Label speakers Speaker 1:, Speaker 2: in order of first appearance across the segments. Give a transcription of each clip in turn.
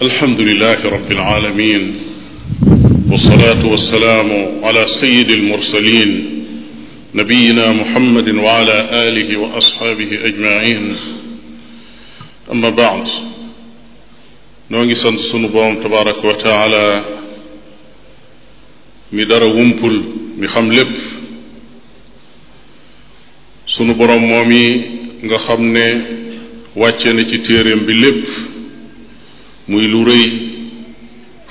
Speaker 1: alhamdulilahi rabbil aalamiin wasalaatu wasalaamu ala sayyidil mursaliin nabiyina muhammadin wa ala aalihi wa asxaabihi ajmaiin amma baad noo ngi sant sunu borom tabaraka wa taala mi dara wumpul mi xam lépp sunu borom moom yi nga xam ne wàcce na ci téeréem bi lépp muy lu rëy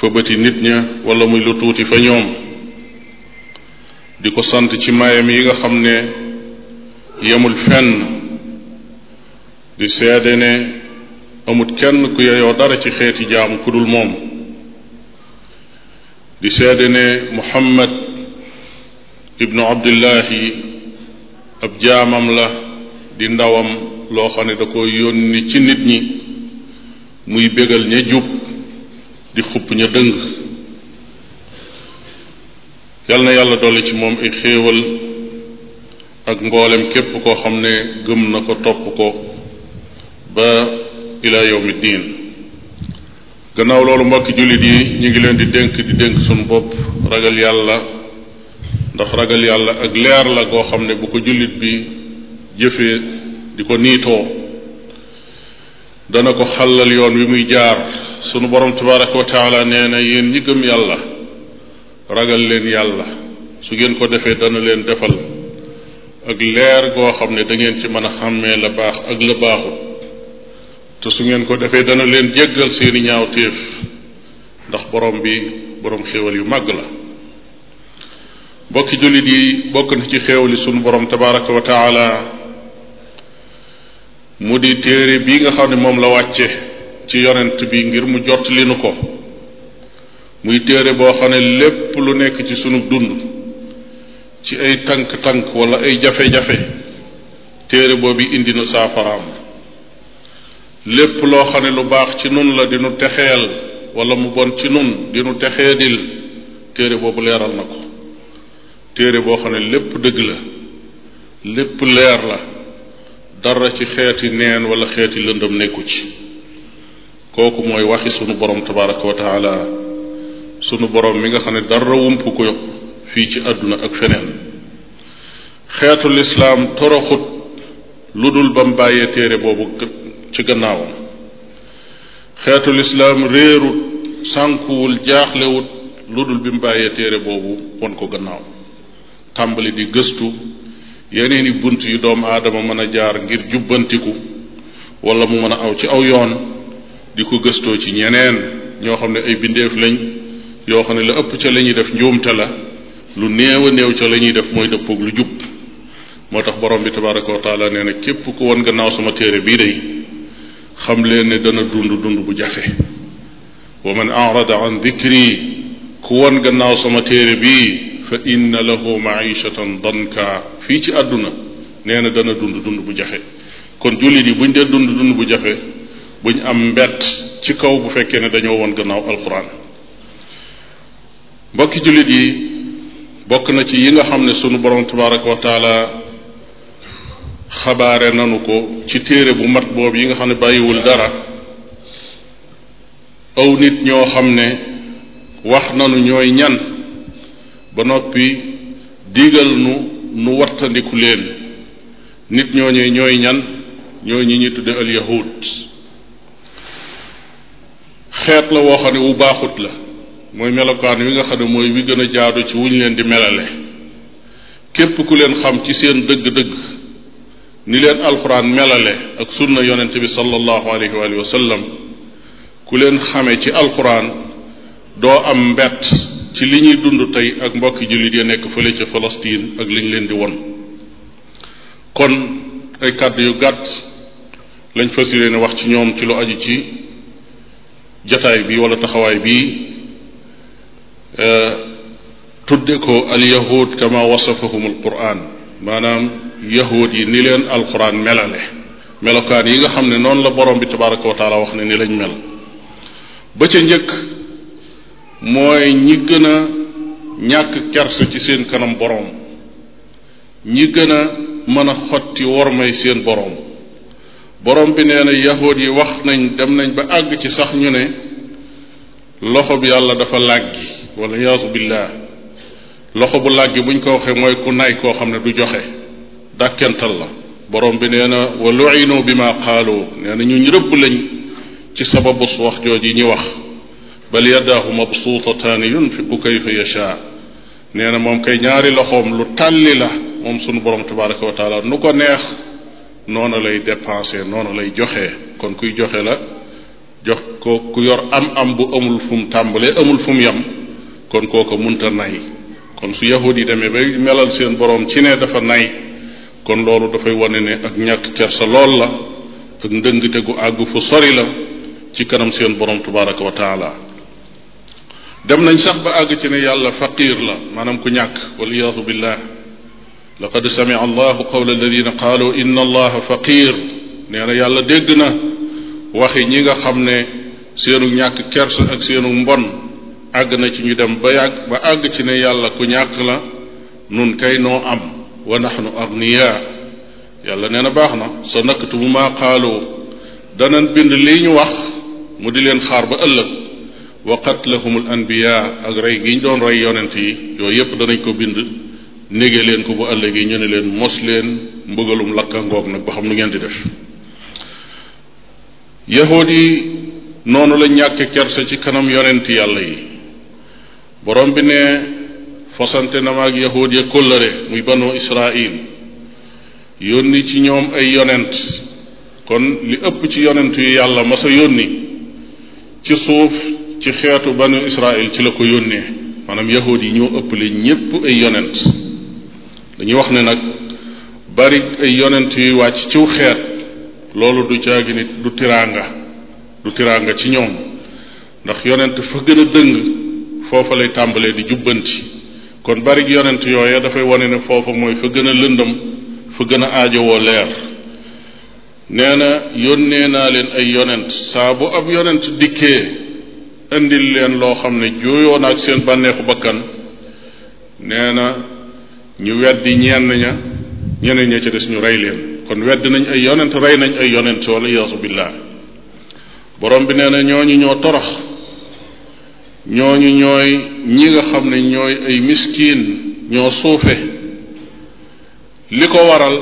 Speaker 1: fa bëti nit ña walla muy lu tuuti fa ñoom di ko sant ci mayam yi nga xam ne yemul fenn di seede amut kenn ku yeyoo dara ci xeeti jaamu ku dul moom di seede ne Muhammad ibnu Abdullahi ab jaamam la di ndawam loo xam ne da ko yónni ci nit ñi muy bégal ña jub di xupp ña dëng yal yàlla dolli ci moom ay xéewal ak mboolem képp koo xam ne gëm na ko topp ko ba ila yawmi diin gannaaw loolu mbokki jullit yi ñu ngi leen di dénk di dénk suñu bopp ragal yàlla ndax ragal yàlla ak leer la goo xam ne bu ko jullit bi jëfee di ko niitoo dana ko xàllal yoon wi muy jaar sunu borom tabaraka wa taala nee na yéen ñi gëm yàlla ragal leen yàlla su ngeen ko defee dana leen defal ak leer goo xam ne dangeen ci mën a xàmmee la baax ak la baaxut te su ngeen ko defee dana leen jéggal seeni ñaawteef ndax borom bi borom xéewal yu màgg la bokki jullit yi bokk na ci xéewali sunu borom tabaraka wa taala mu di téere bii nga xam ne moom la wàcce ci yonent bi ngir mu jot li nu ko muy téere boo xam ne lépp lu nekk ci sunu dund ci ay tànk-tànk wala ay jafe-jafe téere boobu indi na saafaraam lépp loo xam ne lu baax ci nun la dinu nu texeel wala mu bon ci nun di nu texeedil téere boobu leeral na ko téere boo xam ne lépp dëgg la lépp leer la dara ci xeeti neen wala xeeti lëndëm nekku ci kooku mooy waxi sunu borom tabaraka wa sunu borom mi nga xam ne dara wump ko fii ci àdduna ak feneen xeetu lislaam toroxut lu dul ba mu bàyyee téere boobu ci gannaawam xeetu lislaam réerut sànkuwul jaaxlewut lu dul bi mu bàyyee téere boobu won ko gannaaw tàmbali di gëstu yeneen i bunt yu doomu aadama mën a jaar ngir jubbantiku wala mu mën a aw ci aw yoon di ko gëstoo ci ñeneen ñoo xam ne ay bindeef lañ yoo xam ne la ëpp ca la ñuy def njuumte la lu néew a néew ca la ñuy def mooy dëppoog lu jub moo tax borom bi tabaraka wa taala nee na képp ku won gannaaw sama téere bii day xam leen ne dana dund dund bu jafe wa man arada an dikri ku won gannaaw sama téere bii fa inna lahu maishatan danka fii ci àdduna nee na dana dund dund bu jafe kon jullit yi buñ dee dund dund bu jafe buñ am mbett ci kaw bu fekkee ne dañoo won gannaaw alquran mbokki jullit yi bokk na ci yi nga xam ne sunu borom tabaraka wa taala xabaare nanu ko ci téere bu mat boobu yi nga xam ne bàyyiwul dara aw nit ñoo xam ne wax nanu ñooy ñan ba noppi digal nu nu wattandiku leen nit ñooñu ñooy ñan ñooy ñi ñuy tudde al xeet la woo xam ne wu baaxut la mooy melokaan wi nga xam ne mooy wi gën a jaadu ci wuñ leen di melale képp ku leen xam ci seen dëgg-dëgg ni leen alxuraan melale ak sunna yonente bi sallallahu alayhi wa ku leen xame ci alxuraan doo am mbett ci li ñuy dund tey ak mbokki jullit ya nekk fële ca Palestine ak li ñu leen di won kon ay kàdd yu gàtt lañ fas yéene wax ci ñoom ci lu aju ci jataay bi wala taxawaay bi e, tudde ko al yahud kama wasafahum al quran maanaam yahud yi ni leen alquran melale melokaan yi nga xam ne noonu la borom bi tabaraka wa wax ne ni lañ mel ba ca njëkk mooy ñi gën a ñàkk kersa ci seen kanam boroom ñi gën a mën a xotti wormay seen boroom boroom bi nee na yahood yi wax nañ dem nañ ba àgg ci sax ñu ne loxo bi yàlla dafa làggi wala yaasu billah loxo bu làggi buñ ko waxee mooy ku nay koo xam ne du joxe dàkkental la borom bi nee na wa lu'inu bi ma qaalu nee na ñu rëbb lañ ci sababu su wax yi ñi wax bal yaddaahu mabsuutataani yunfiqu kayfa yashaa nee na moom kay ñaari loxoom lu tàlli la moom suñu borom tabaraka wa taala nu ko neex noona lay dépenser noona lay joxe kon kuy joxe la jox ko ku yor am-am bu amul fu mu tàmbalee amul fu mu yem kon kooka munta nay kon su yahud yi demee bay melal seen borom ci ne dafa nay kon loolu dafay wane ne ak ñàkk kersa lool la ak ndëngte gu àgg fu sori la ci kanam seen borom tabaraka wa dem nañ sax ba àgg ci ne yàlla faqir la maanaam ku ñàkk waliyaadu billah laqad sami'a allahu qawla alladina qaalu inna allaha faqir nee na yàlla dégg na waxi ñi nga xam ne seenu ñàkk kersa ak seenu mbon àgg na ci ñu dem ba yàgg ba àgg ci ne yàlla ku ñàkk la nun kay noo am wa nahnu agniya yàlla nee na baax na sa naktubu maa qaalu danañ bind lii ñu wax mu di leen xaar ba ëllëg wa qatlahumul anbiya ak rey gi ñu doon rey yonent yi yooyu yépp danañ ko bind nége leen ko bu ëllëgee ñu ne leen mos leen mbëgalum lakka ngoog nag ba xam nu ngeen di def yahuud yi noonu la ñàkk kersa ci kanam yonent yàlla yi borom bi ne fasante na ma ak yahuud ya kóllëre muy banu israil yónni ci ñoom ay yonent kon li ëpp ci yonent yu yàlla masa yónni ci suuf ci xeetu banu Israël ci la ko yónnee maanaam yahud yi ñoo ëppale ñépp ay yonent dañuy wax ne nag bari ay yonent yuy wàcc ciw xeet loolu du caagi nit du tiraanga du tiraanga ci ñoom ndax yonent fa gën a dëng foofa lay tàmbalee di jubbanti kon bari yonent yooya dafay wane ne foofa mooy fa gën a lëndam fa gën a aajowoo leer nee na yónnee naa leen ay yonent saa bu ab yonent dikkee indil leen loo xam ne jooyoo na ak seen bànneexu bakkan nee na ñu weddi ñenn ña ñeneen ña ca des ñu rey leen kon weddi nañ ay yonent rey nañ ay yonent wala yaasu billaah borom bi nee na ñooñu ñoo torox ñooñu ñooy ñi nga xam ne ñooy ay miskiin ñoo suufe li ko waral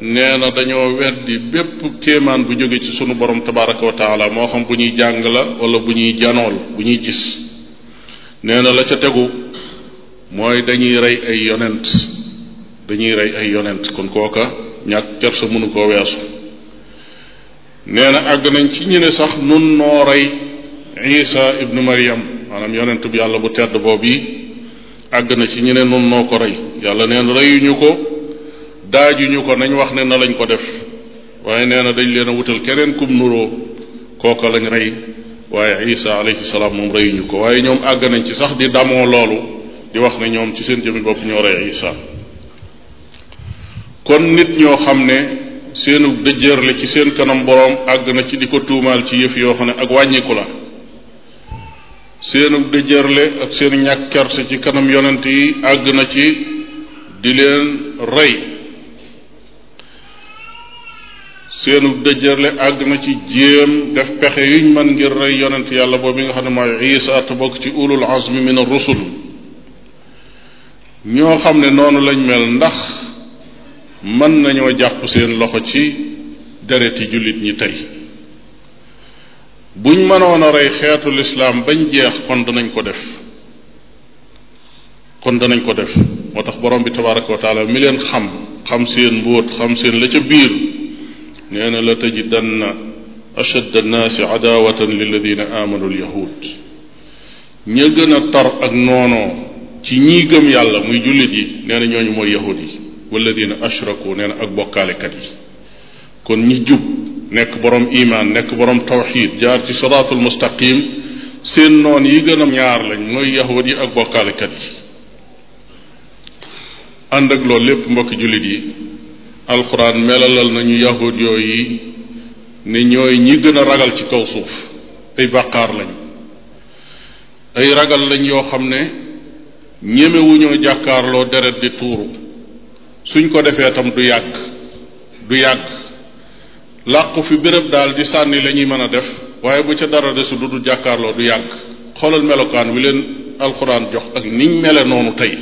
Speaker 1: nee na dañoo weddi bépp kéemaan bu jóge ci sunu boroom tabaraka wa moo xam bu ñuy jàng la wala bu ñuy janool bu ñuy gis nee na la ca tegu mooy dañuy rey ay yonent dañuy rey ay yonent kon kooka ñàkk kersa mënu koo weesu nee na àgg nañ ci ñu ne sax nun noo rey isa ibnu mariam maanaam yonent bi yàlla bu tedd boobu yi àgg na ci ñu ne nun noo ko rey yàlla neen reyuñu ko daajuñu ko nañ wax ne na lañ ko def waaye nee dañ leen a wutal keneen kum nuroo kooka lañ rey waaye isa alayhi salaam moom reyuñu ko waaye ñoom àgg nañ ci sax di damoo loolu di wax ne ñoom ci seen jëmmi bopp ñoo rey isa kon nit ñoo xam ne seenu dëjërle ci seen kanam boroom àgg na ci di ko tuumaal ci yëf yoo xam ne ak wàññiku la seenu dëjërle ak seen ñàkk ci kanam yonent yi àgg na ci di leen rey seenu dëjërle àgg na ci jéem def pexe yuñ mën ngir rey yonent yàlla boobu nga xam ne mooy isa te bokk ci ulul azmi min ar-rusul ñoo xam ne noonu lañ mel ndax mën nañoo jàpp seen loxo ci dereti jullit ñi tey buñ mënoon a rey xeetu lislaam bañ jeex kon danañ ko def kon danañ ko def moo tax borom bi tabaraka wa taala mi leen xam xam seen mbóot xam seen la ca biir nee na la tajidanna ashadda annaasi adaawatan lilladina aamanu alyahud ña gën a tar ak noono ci ñii gëm yàlla muy jullit yi nee ñooñu mooy yahud yi walladina ashraku nee na ak bokkaalekat yi kon ñi jub nekk borom iman nekk borom tawxid jaar ci siraatul mustaqim seen noon yi gën a ñaar lañ mooy yahud yi ak bokkaalekat yi ànd ak loolu lépp mbokki jullit yi alxuraan melalal nañu yahud yooyu ne ñooy ñii gën a ragal ci kaw suuf ay bàqaar lañ ay ragal lañ yoo xam ne ñemewuñoo jàkkaarloo deret di tuuru suñ ko defee tam du yàgg du yàgg làqu fi béréb daal di sànni lañuy ñuy mën a def waaye bu ca dara desu du du jàkkaarloo du yàgg xoolal melokaan wi leen alxuraan jox ak niñ mele noonu tey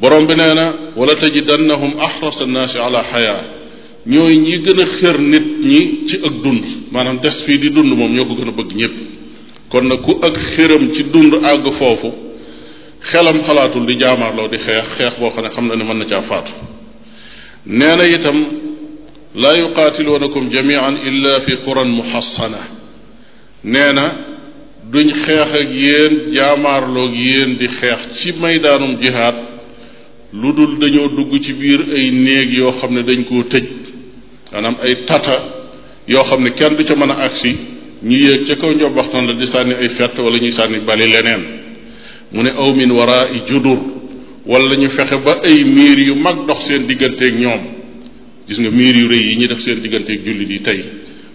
Speaker 1: borom bi nee na wala tajidannahum axrasa nnaasi ala xayaa ñooy ñi gën a xër nit ñi ci ak dund maanaam des fii di dund moom ñoo ko gën a bëgg ñépp kon nag ku ak xëram ci dund àgg foofu xelam xalaatul di jaamaarloo di xeex xeex boo xam ne xam na ne mën na caa faatu nee itam laa yuqaatiluunakum jamian illa fi quran muhassana nee na duñ xeex ak yéen jaamaarloog yéen di xeex ci maydaanum jihaad lu dul dañoo dugg ci biir ay néeg yoo xam ne dañ koo tëj maanaam ay tata yoo xam ne kenn du ca mën a agsi ñu yéeg ca kaw njobbaxtan la di sànni ay fett wala ñuy sànni bali leneen mu ne aw min waraa i judur wala ñu fexe ba ay miir yu mag dox seen digganteek ñoom gis nga miir yu rëy yi ñu def seen digganteek jullit yi tey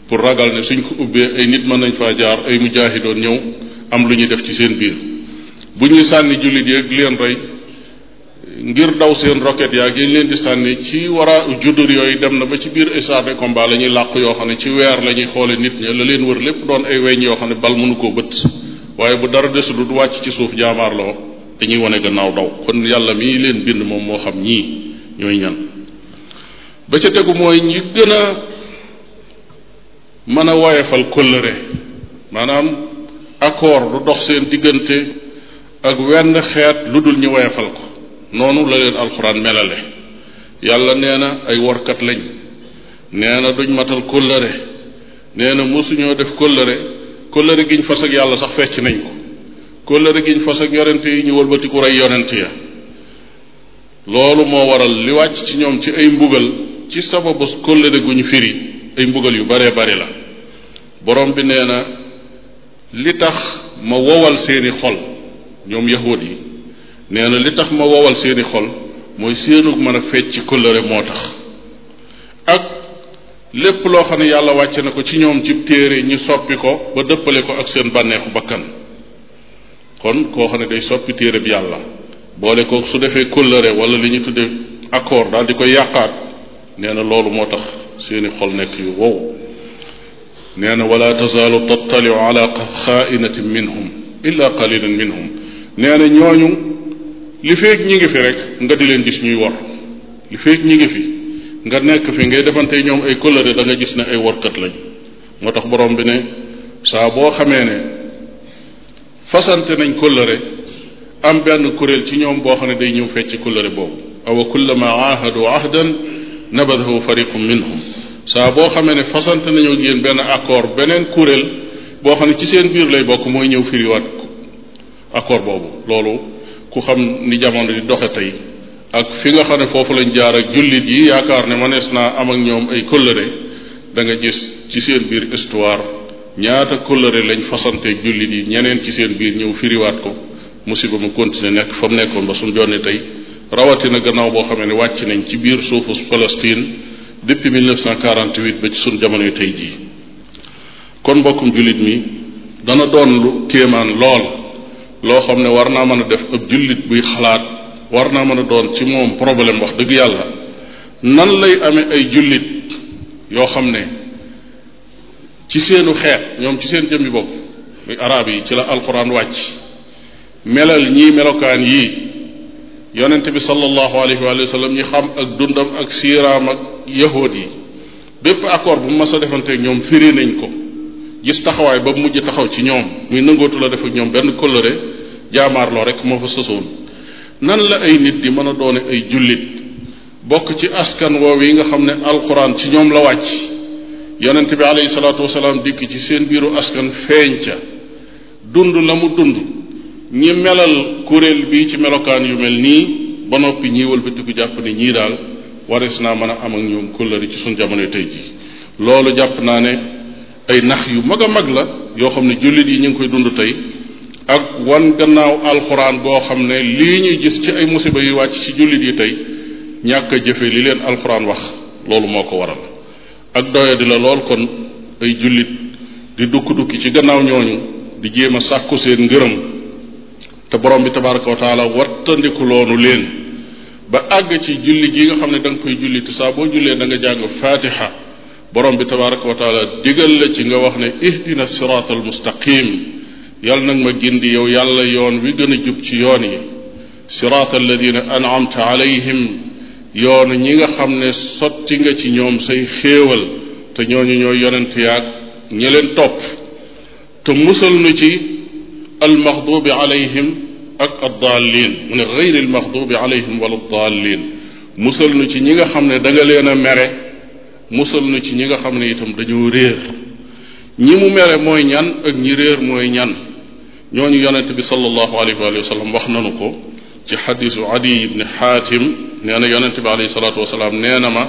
Speaker 1: pour ragal ne suñ ko ubbee ay nit mën nañ faa jaar ay mujaahidoon ñëw am lu ñuy def ci seen biir bu ñuy sànni jullit yeeg leen rey ngir daw seen roquette yaa ngi leen di sànni ci wara juddur yooyu dem na ba ci biir essart de combat la ñuy làq yoo xam ne ci weer lañuy ñuy xoole nit ña la leen wër lépp doon ay weñ yoo xam ne bal mënu koo bët waaye bu dara desudul du wàcc ci suuf jaamaarloo dañuy wane gannaaw daw kon yàlla mii leen bind moom moo xam ñii ñooy ñan ba ca tegu mooy ñi gën a mën a woyefal kóllëre maanaam accord du dox seen diggante ak wenn xeet lu dul ñu woyefal ko noonu la leen alxuraan melale yàlla nee na ay workat lañ nee na duñ matal kóllëre nee na mosuñoo def kóllëre kóllëre giñ fas ak yàlla sax fecc nañ ko kóllëre giñ fas ak yonent yi ñu wëlbatiku rey yonent ya loolu moo waral li wàcc ci ñoom ci ay mbugal ci sababu kóllëre gu ñu firi ay mbugal yu baree bari la borom bi nee na li tax ma wowal seeni xol ñoom yahuud yi nee na li tax ma wowal seeni xol mooy séenug mën a fecc ci moo tax ak lépp loo xam ne yàlla wàcce na ko ci ñoom ci téere ñu soppi ko ba dëppale ko ak seen bànneexu bakkan kon koo xam ne day soppi téere bi yàlla boole ko su defee kóllëre wala li ñu tuddee accord daal di koy yàqaat nee na loolu moo tax seeni xol nekk yu wow nee na wala tazaalu tattaliu ala xaainatin minhum illa qalilan minhum nee ñooñu li feeg ñi ngi fi rek nga di leen gis ñuy wor li feeg ñi ngi fi nga nekk fi ngay defante ñoom ay colère da gis ne ay workat lañ moo tax borom bi ne saa boo xamee ne fasante nañ colère am benn kuréel ci ñoom boo xam ne day ñëw fecc colère boobu awa kullama ahadu ahdan nabadahu fariqum minhum saa boo xamee ne fasante nañoo ak yéen benn accord beneen kuréel boo xam ne ci seen biir lay bokk mooy ñëw firiwaat accord boobu loolu ku xam ni jamono di doxe tey ak fi nga xam ne foofu lañ jaar ak jullit yi yaakaar ne manees naa am ak ñoom ay kóllëre da nga gis ci seen biir histoire ñaata kóllëre lañ fasante jullit yi ñeneen ci seen biir ñëw firiwaat ko musiba mu continuer nekk fa mu nekkoon ba suñ jonne tey rawatina gannaaw boo xamee ne wàcc nañ ci biir suufu Palestine depuis 1948 ba ci suñ jamonoy tey jii kon mbokkum jullit mi dana doon lu kéemaan lool loo xam ne war naa mën a def ab jullit buy xalaat war naa mën a doon ci moom problème wax dëgg yàlla nan lay amee ay jullit yoo xam ne ci seenu xeet ñoom ci seen jëmmi bopp muy arab yi ci la alquran wàcc melal ñii melokaan yii yonent bi sallallahu alayhi wa sallam ñi xam ak dundam ak siiraam ak yahood yi bépp accord bu mas a defanteeg ñoom firi nañ ko gis taxawaay ba mujj taxaw ci ñoom muy nangootu la def ñoom benn kóllëre jaamaarloo rek moo fa sosoon nan la ay nit di mën a doone ay jullit bokk ci askan woow yi nga xam ne alquran ci ñoom la wàcc yonente bi alayhi salaatu wasalaam dikk ci seen biiru askan feeñ ca dund la mu dund ñi melal kuréel bi ci melokaan yu mel nii ba noppi ñii wëlbatiku jàpp ne ñii daal waris naa mën a am ak ñoom kóllëre ci suñ jamono tey ji loolu jàpp naa ne ay nax yu mag a mag la yoo xam ne jullit yi ñu ngi koy dund tey ak wan gannaaw alxuraan boo xam ne lii ñuy gis ci ay musiba yu wàcc ci jullit yi tey ñàkk a jëfe li leen alxuraan wax loolu moo ko waral ak doya di la lool kon ay jullit di dukki-dukki ci gannaaw ñooñu di jéem a sàkku seen ngërëm te borom bi tabaraka wa loonu leen ba àgg ci julli gi nga xam ne da koy jullit te saa boo jullee da jàng fatiha borom bi tabaraka wa taala digal la ci nga wax ne ihdina siraat al mustaqim yal nag ma gindi yow yàlla yoon wi gën a jub ci yoon yi siraat alladina an'amta alayhim yoonu ñi nga xam ne sotti nga ci ñoom say xéewal te ñooñu ñooy yonent yaag ñi leen topp te musal nu ci almaxdubi alayhim ak addaalin mu ne gayri almaxdubi alayhim wala addaalin musal nu ci ñi nga xam ne da nga leen a mere musal nu ci ñi nga xam ne itam dañoo réer ñi mu mere mooy ñan ak ñi réer mooy ñan ñooñu yonent bi sallallahu alayhi wa sallam wax nanu ko ci xadisu adi ibni xaatim nee na yonent bi alayhi salaatu wasalaam nee na ma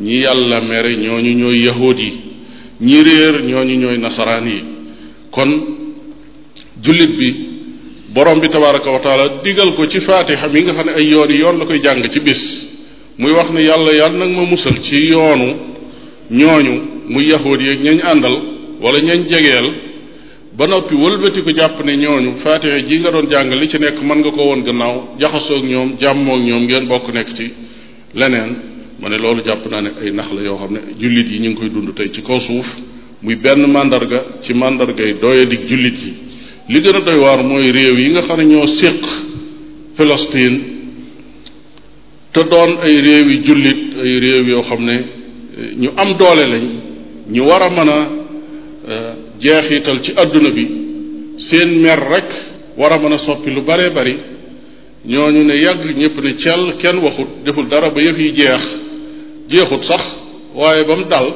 Speaker 1: ñi yàlla mere ñu ñooy yahood yi ñi réer ñu ñooy nasaraan yi kon jullit bi borom bi tabaraka wa taala digal ko ci faatixa yi nga xam ne ay yoon yi yoon la koy jàng ci bis muy wax ne yàlla yàlla nag ma musal ci yoonu ñooñu muy yahuud yeeg ñañ àndal wala ñañ jegeel ba noppi wëlbatiku jàpp ne ñooñu faatiha ji nga doon jàng li ci nekk mën nga ko woon gannaaw jaxasoog ñoom jàmmoog ñoom ngeen bokk nekk ci leneen ma ne loolu jàpp naa ne ay nax la yoo xam ne jullit yi ñu ngi koy dund tey ci kaw suuf muy benn màndarga ci mandargay doyadik jullit yi li gën a doy waar mooy réew yi nga xam ne ñoo séq Palestine te doon ay réew yi jullit ay réew yoo xam ne ñu am doole lañ ñu war a mën a euh, jeexital ci adduna bi seen mer rek war a mën a soppi lu baree bari ñooñu ne yàgg ñëpp ne cell kenn waxut deful dara ba yëf yi jeex jeexut sax waaye ba mu dal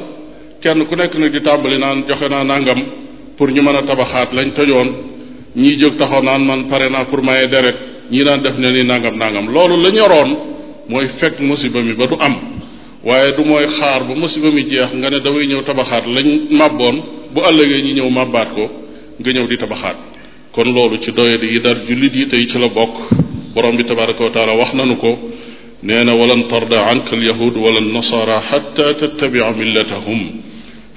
Speaker 1: kenn ku nekk nag di tàmbali naan joxe naa nangam pour ñu mën a tabaxaat lañ tojoon ñii jóg taxaw naan man pare naa pour maye deret ñi naan def ne ni nangam nangam loolu la ñoroon mooy fekk musiba mi ba du am waaye du mooy xaar ba musiba mi jeex nga ne damay ñëw tabaxaat lañ màbboon bu ëllëgee ñi ñëw màbbaat ko nga ñëw di tabaxaat kon loolu ci doyadi yi dal jullit yi tey ci la bokk borom bi tabaraka wa taala wax nanu ko nee na walan tarda anka alyahud wala nasara xatta tattabia millatahum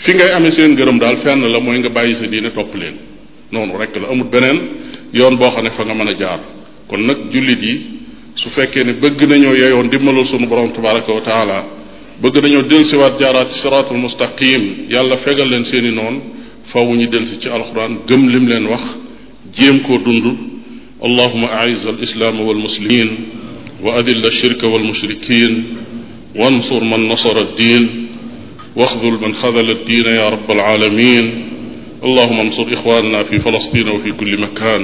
Speaker 1: fi ngay amee seen gërëm daal fenn la mooy nga bàyyi sa diine topp leen noonu rek la amut beneen yoon boo xam ne fa nga mën a jaar kon nag jullit yi su fekkee ne bëgg nañoo yeyoon dimbalal sunu borom tabaraka wa taala bëgg nañoo dellusiwaat jaaraat ci siraatul mustaqim yàlla fegal leen seen i noonu faaw ñu dellusi ci alxuraan gëm lim leen wax jéem koo dund allahuma aiz al islaama wal muslimin wa adilla shirka wal mushrikin wansur man nasara ddin waxdul man xadala ddina ya rabbal alamin allahuma ansur ixwanana fi falastina wa fi kulli makan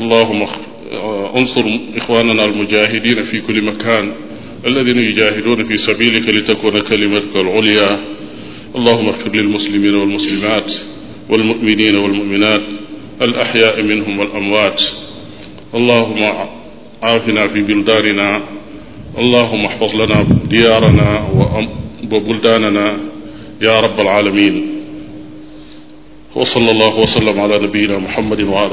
Speaker 1: allahuma uh, ansur ixwanana almujahidina fi kulli makan alladina yujaahiduuna fi sabilika litakuna kalimatuka al-ulya allahuma ighfir lilmuslimina walmuslimat walmuminina walmuminat alaxyaai minhum walamwaat allahuma aafina fi bildaanina allahuma axfaz lana diyaarana wa buldaanana ya rabbal aalamiin wa salla allahu wa sallam ala nabiyina muhammadin wa ala